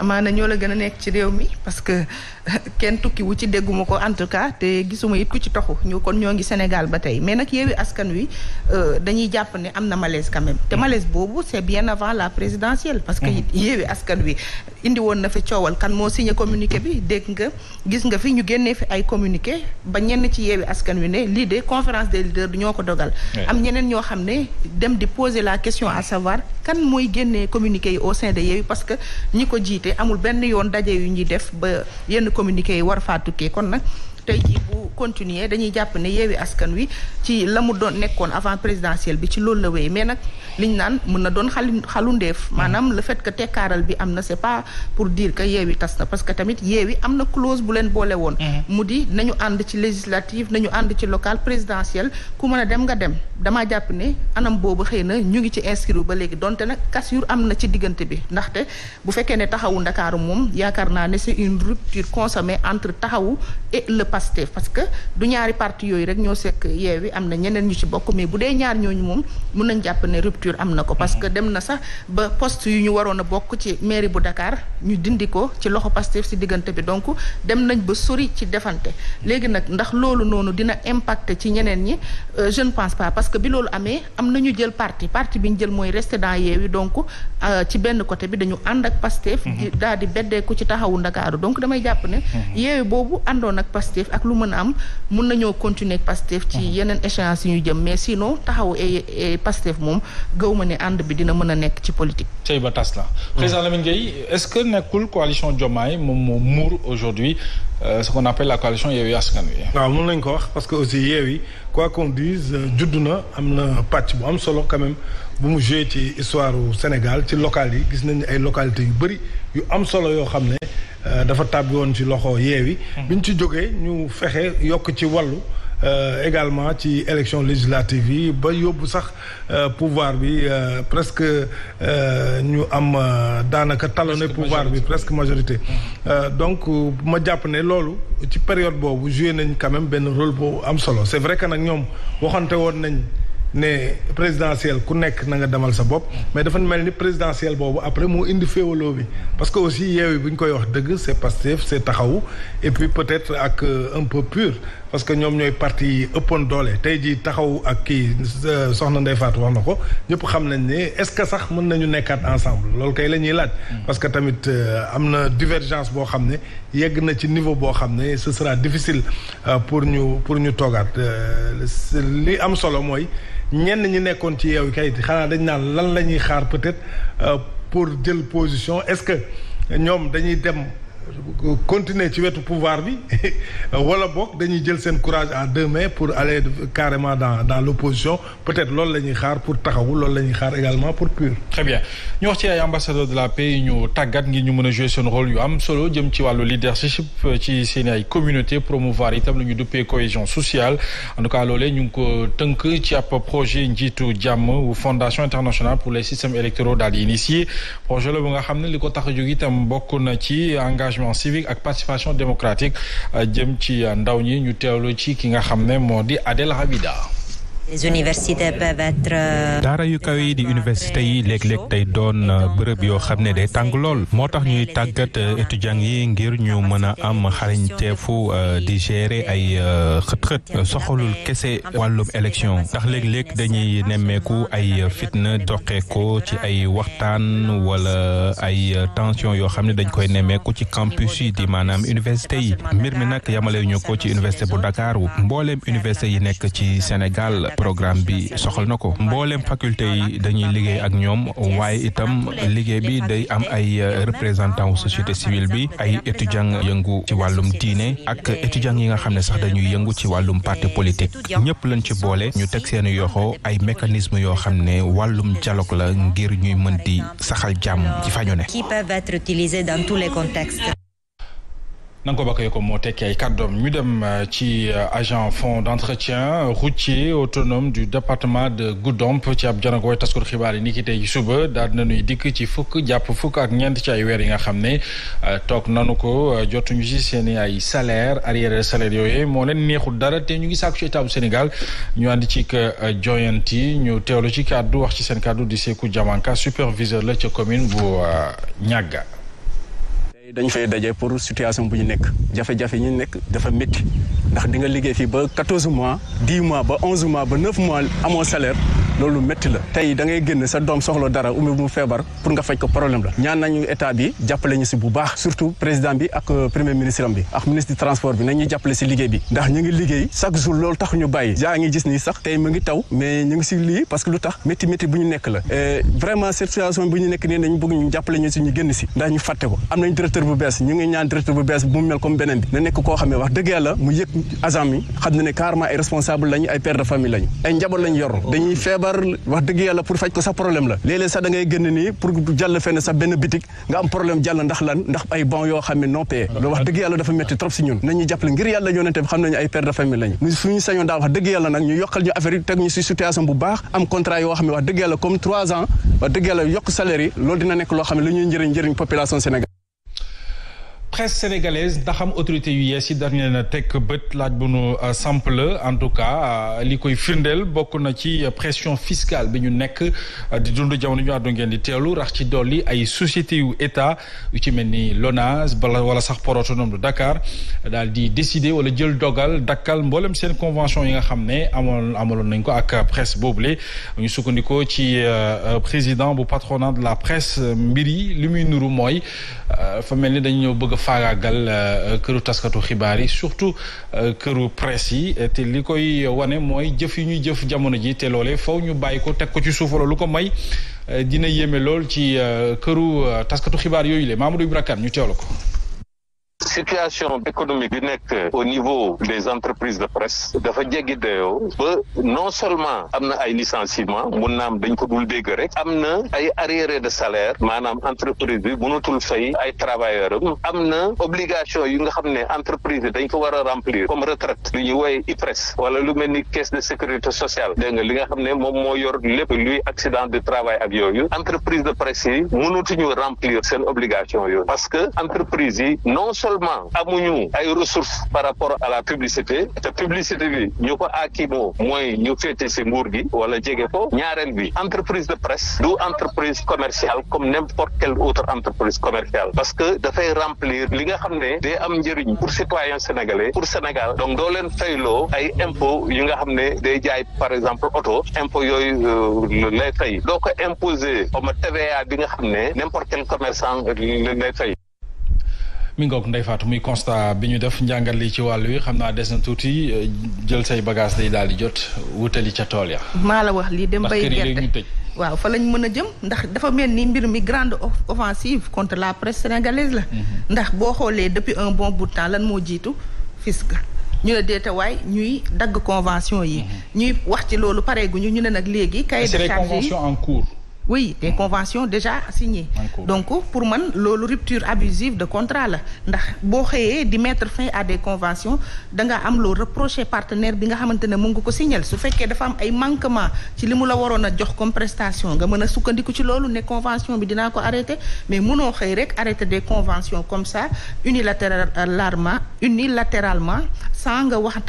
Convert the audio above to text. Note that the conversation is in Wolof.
amaana ñoo la gën a nekk ci réew mi parce que kenn tukki wu ci dégguma ko en tout cas te gisuma it ku ci taxu ñu kon ñoo ngi Sénégal ba tey mais nag yeewi askan wi euh, dañuy jàpp ne am na malaise quand même te mm. malaise boobu c'est bien avant la présidentielle parce que mm. yeewi askan wi indi woon na fi coowal kan moo signé communiqué bi dégg nga gis nga fi ñu génnee fi ay communiqué ba ñenn ci yeewi askan wi ne lii de conférence des leaders du ñoo ko dogal am ñeneen ñoo xam ne dem di poser la question à kan mooy génne communiqué yi au sein de Yewwi parce que ñi ko jiite amul benn yoon daje yu ñuy def ba yenn communiqué yi war faa tukkee kon nag tey jii bu continuer dañuy jàpp ne yeewi askan wi ci la mu doon nekkoon avant présidentielle bi ci loolu la wéy mais nag liñ naan mën na doon xali xalundeef maanaam le fait que tekkaaral bi am na c'est pas pour dire que yeewi tas na parce que tamit yeewi am na clause bu leen boole woon mm-hmm. mu di nañu ànd ci législative nañu ànd ci local présidentielle ku mën a dem nga dem damaa jàpp ne anam boobu xëy na ñu ngi ci inscrire ba léegi donte nag cassure am na ci diggante bi ndaxte bu fekkee ne taxawu Ndakaaru moom yaakaar naa ne c'est une rupture consommée entre que du ñaari parti yooyu rek ñoo sekk yeewi am na ñeneen ñu ci bokk mais bu dee ñaar ñooñu moom mun nañ jàpp ne rupture am na ko parce que dem na sax ba post yu ñu waroon a bokk ci mairie bu Dakar ñu dindi ko ci loxo Pastef si diggante bi donc dem nañ ba sori ci defante léegi nag ndax loolu noonu dina impacter ci ñeneen ñi euh, je ne parce que bi loolu amee am na ñu jël parti parti bi ñu jël mooy rester dans yeewi donc euh, ci benn côté bi dañu ànd ak Pastef mhm. daal di beddeeku ci taxawu Ndakaaru donc damay jàpp ne mhm. yeewi boobu àndoon ak Pastef ak lu mën a am am mun nañoo continuer ak Pastef ci mhm. yeneen échéance yi ñu jëm mais sinon taxaw et e Pastef moom gëw ma ne ànd bi dina mën a nekk ci politique. tey ba tas la. président Lamine Gueye est-ce que nekkul coalition Diomaye moom moo muur aujourd'hui euh, ce qu'on appelle la coalition Yewwi Askan Wi. waaw mën nañ ko wax parce que aussi Yewwi quoi qu'on dise judd na am na pàcc bu am solo quand même bu mu joué ci histoire Sénégal ci local yi gis nañ ay localité yu bëri. yu am solo yoo xam ne euh, dafa tàbbi woon ci loxo yeewi hmm. ñu ci jógee ñu fexe yokk ci wàllu Euh, également ci élection législative yi ba yóbbu sax euh, pouvoir bi euh, presque euh, ñu am euh, daanaka talonné pouvoir bi presque majorité mmh. donc ma jàpp ne loolu ci période boobu joué nañ quand même benn rôle bu am solo c'est vrai que nag ñoom waxante woon nañ ne présidentielle ku nekk na nga demal sa bopp mais dafa mel ni présidentielle boobu après moo indi féewaloo bi parce que aussi yeewi bu ñu koy wax dëgg c'est Pastef c'est Taxawu et puis peut-être ak euh, un peu pur parce que ñoom ñooy parti yi ëppoon doole tey jii Taxawu ak kii euh, soxna Ndeye Fatou wax na ko ñëpp xam nañ ne est-ce que sax mën nañu nekkaat ensemble loolu kay la ñuy laaj hmm. parce que tamit euh, am na divergence boo xam ne yegg na ci niveau boo xam ne ce sera pour ñu pour ñu toogaat li am solo mooy ñenn ñi nekkoon ci yeewu kay xanaa dañ naan lan la ñuy xaar peut-être euh, pour jël position est-ce que ñoom dañuy dem continuer ci wetu pouvoir bi wala boog dañuy jël seen courage à deux mais pour aller carrément dans dans l'opposition peut-être lool la ñuy xaar pour taxawu lool la ñuy xaar également pour PUR. très bien ñu wax ay ambassadeur de la paix yu ñu tàggat ngir ñu mën a jouer seen rôle yu am solo jëm ci wàllu leadership ci seen ay communauté promouvoir itam lu ñu duppee cohésion sociale en tout cas loolee ñu ngi ko tënk ci ab projet njiitu jàmm wu fondation internationale pour les systèmes électoraux daal di initié projet la bu xam ne li ko tax a jóg na ci engagement civique ak participation démocratique euh, jëm ci euh, ndaw ñi ñu teelu ci ki nga xam ne moo di Adel Habida université peuvent euh, daara yu kawe yi di université yi léeg-léeg tey doon euh, bërëb yoo xam ne day tàng lool moo tax ñuy tàggat euh, étudiants yi ngir ñu mën a am xarañteefu di gérer ay xët-xët soxalul kese wàllum élection ndax léeg-léeg dañuy nemmeeku ay fitna doqee ko ci ay waxtaan wala ay tension yoo xam ne dañ koy nemmeeku ci campus yi di maanaam université yi mbir mi nag yamale ñu ko ci université bu dakaaru mbooleem université yi nekk ci Sénégal. programme bi soxal na ko mbooleem faculté yi dañuy liggéey ak ñoom waaye itam liggéey bi day am ay euh, représentant société civile bi ay étudiant yëngu ci wàllum diine ak étudiant yi nga xam ne sax dañuy yëngu ci wàllum parti politique ñëpp lañ ci boole ñu teg seen yoxo ay mécanisme yoo xam ne wàllum dialogue la ngir ñuy mën di saxal jàmm ci fañu ne. Nanko Bakayoko moo tekki ay kàddoom ñu dem euh, ci euh, agent fonds d'entretien routier autonome du département de Goudomp ci ab janag woy taskul xibaar yi ni ki tey suba daal nañuy dikk ci fukk jàpp fukk ak ñeent ci ay weer yi nga xam ne euh, toog nanu ko jotuñu si seen i ay salaire arriéré salaire yooyu moo leen neexul dara te ñu ngi sàkku ci état bu Sénégal ñu ànd ci joyant yi ñu teewlu ci kàddu wax ci seen kàddu di Seeku Jamanka superviseur la ca commune bu Niaga dañ fay daje pour situation bu ñu nekk jafe-jafe ñu nekk dafa métti ndax di nga liggéey fii ba 14 mois 10 mois ba 11 mois ba 9 mois amoo salaire loolu métti la tey da ngay génn sa doom soxla dara ummi bu mu feebar pour nga faj ko problème la ñaan nañu état bi jàppale ñu si bu baax surtout président bi ak euh, premier ministre am bi ak ministre du transport bi nañu jàppale si liggéey bi ndax ñu ngi liggéey chaque jour loolu tax ñu bàyyi yaa ngi gis nii sax tey mu ngi taw mais ñu ngi si lii parce que lu tax métti métti bu ñu nekk la vraiment cette situation bu ñu nekk nii dañu ñu jàppale ñu si ñu génn si ndax ñu fàtte ko am nañ directeur bu bees ñu ngi ñaan directeur bu bees bu mu mel comme beneen bi na nekk koo xam ne wax dëgg yàlla mu ay responsable lañu ay père de famille lañu feebar wax dëgg yàlla pour faj ko sax problème la léeg sax da ngay nii pour jàll fenn sax benn bitik nga am problème jàll ndax lan ndax ay bon yoo xam non payé loolu wax dëgg yàlla dafa métti trop si ñun nañu jàppale ngir yàlla yonente bi xam nañu ay père famille lañu ñu suñu sañoon wax dëgg yàlla nag ñu yokkal ñu affaire yi ñu si situation bu baax am contrat yoo xam wax dëgg yàlla yokk salaire yi dina nekk loo xam ne lu ñuy njëriñ njëriñ population presse sénégalaise ndax am autorité yu yees yi dañ leen a teg bët laaj bu nu euh, sample en tout cas euh, li koy firndeel bokk na ci euh, pression fiscale bi ñu nekk di dund jamono ñu àddu ngeen di teelu rax ci dolli ay société yu état yu ci mel ni LONASE bala wala sax port autonome de Dakar daal di décider wala jël dogal dakkal mboolem seen convention yi nga xam ne amoon amaloon nañ ko ak presse boobule ñu sukkandikoo ci président bu patronat de la presse mbir yi li muy nuru mooy faagaagal euh, këru taskatu xibaar yi surtout euh, këru presse yi te li koy wane mooy jëf yu ñuy jëf jamono ji te loole faw ñu bàyyi ko teg ko ci suuf lu ko may euh, dina yéeme lool ci këru taskatu xibaar yooyu le Mamadou Ibra Kane ñu la ko. situation économique bi nekk au niveau des entreprises de presse dafa jéggi dayoo ba non seulement am na ay licenciement mun naam dañ ko dul dégg rek am na ay arriérés de salaire maanaam entreprise bi mënatul fay ay travailleurs am am na obligation yu nga xam ne entreprise bi dañ ko war a remplir comme retraite lu ñuy woowee IPRES wala lu mel ni caisse de sécurité sociale dégg nga li nga xam ne moom moo yor lépp luy accident de travail ak yooyu entreprise de presse yi mënatuñu remplir seen obligation yooyu actuellement amuñu ay ressources par rapport à la publicité te publicité bi ñu ko akimoo mooy ñu féete si nguur gi wala jege ko ñaareel bi entreprise de presse du entreprise commerciale comme n'importe quelle autre entreprise commercial parce que dafay remplir li nga xam ne day am njëriñ pour citoyen sénégalais pour Sénégal donc doo leen fayloo ay impôt yi nga xam ne day jaay par exemple oto impôt yooyu euh, lay fay doo ko imposer comme TVA bi nga xam ne n'importe quel commerçant euh, lay mi ngoog Ndeye Fatou muy constat bi ñu def njàngat li ci wàll wi xam naa des na tuuti euh, jël say bagage day daal di jot wutali ca tool ya maa la wax lii dem bay gerte waaw fa lañ mën a jëm ndax dafa mel ni mbir mi grande offensive contre la presse sénégalaise la mhm. ndax boo xoolee depuis un bon bout de temps lan moo jiitu fisc ñu ne déeta waay ñuy dagg convention yi mhm. ñuy wax ci loolu pareeguñu ñu ñu ne nag léegi cahier de charge yi oui des conventions déjà signées donc pour man loolu rupture abusive de contrat la ndax boo xëyee di mettre fin à des conventions dangaa am loo reproché partenaire bi nga xamante ne mu nga ko signal su fekkee dafa am ay manquement ci li mu la waroon a jox comme prestation nga mën a sukkandiku ci loolu ne convention bi dinaa ko arrêté mais mënoo xëy rek arrêté des convention comme ça unilatéralement euh, unilatéralement sans nga waxtaan